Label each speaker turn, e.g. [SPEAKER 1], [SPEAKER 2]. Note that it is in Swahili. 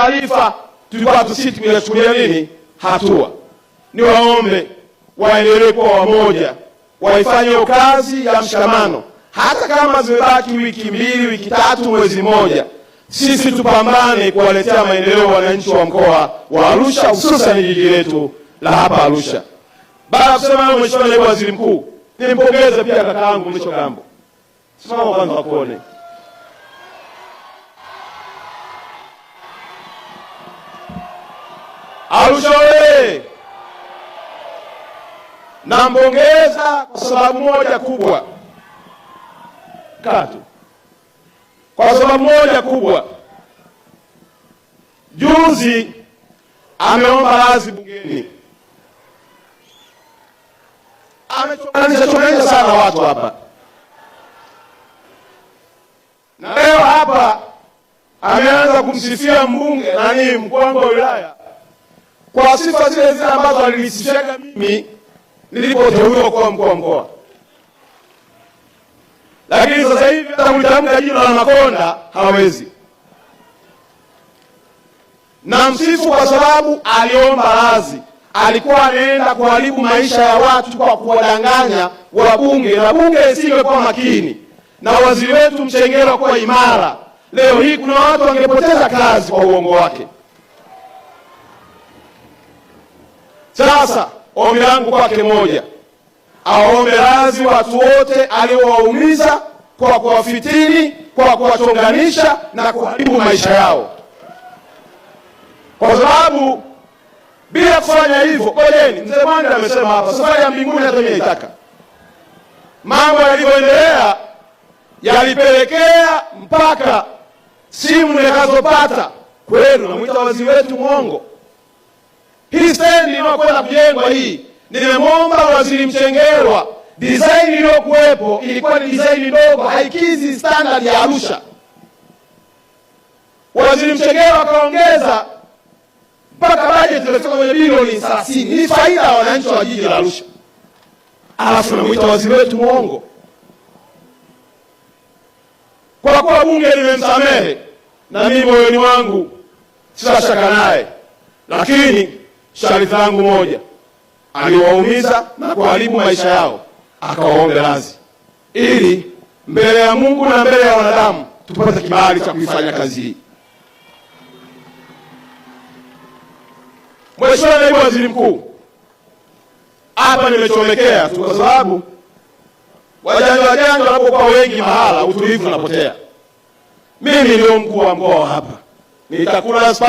[SPEAKER 1] taarifa tulikuwa hatusiti kuyachukulia nini hatua. Ni waombe waendelee kwa wamoja, waifanye kazi ya mshikamano, hata kama zimebaki wiki mbili, wiki tatu, mwezi mmoja, sisi tupambane kuwaletea maendeleo wananchi wa mkoa wa Arusha, hususani jiji letu la hapa Arusha. Baada ya kusema hayo, Mheshimiwa Naibu Waziri Mkuu, nimpongeze pia yangu Mrisho Gambo. Simama kwanza wakuone. Arusha oye! Nampongeza kwa sababu moja kubwa katu, kwa sababu moja kubwa. Juzi ameomba radhi bungeni, amechonganisha chonganisha sana watu hapa, na leo hapa ameanza kumsifia mbunge nani, mkuu wa wilaya kwa sifa zile zile ambazo alinisishaga mimi nilipoteuliwa kuwa mkuu wa mkoa. Lakini sasa hivi hata kulitamka jina la Makonda hawezi. Na msifu kwa sababu aliomba radhi, alikuwa anaenda kuharibu maisha ya watu kwa kuwadanganya wabunge, na bunge isingekuwa makini na waziri wetu Mchengerwa kuwa imara, leo hii kuna watu wangepoteza kazi kwa uongo wake. Sasa ombi langu kwake moja, aombe radhi watu wote aliowaumiza kwa kuwafitini, kwa kuwachonganisha na kuharibu maisha yao, kwa sababu bila kufanya hivyo, kojeni, mzee Mwanda amesema hapa, safari ya mbinguni hata mimi naitaka. Mambo yalivyoendelea yalipelekea mpaka simu nikazopata kwenu, namwita waziri wetu mwongo hii stendi inayokwenda kujengwa hii, nimemwomba Waziri Mchengerwa, design iliyokuwepo ilikuwa ni design ndogo, haikizi standard ya Arusha. Waziri Mchengerwa akaongeza mpaka bajeti imetoka kwenye bilioni 30. Ni faida ya wananchi wa jiji la Arusha, alafu namwita waziri wetu mwongo. Kwa kuwa bunge limemsamehe na mimi moyoni mwangu sitashaka naye, lakini sharifu langu moja, aliwaumiza na kuharibu maisha yao, akawaombe radhi ili mbele ya Mungu na mbele ya wanadamu tupate kibali cha kuifanya kazi hii. Mheshimiwa Naibu Waziri Mkuu, hapa nimechomekea tu kwa sababu wajanja wajanja wanapokuwa wengi mahala utulivu unapotea. Mimi ndio mkuu wa mkoa hapa nitakula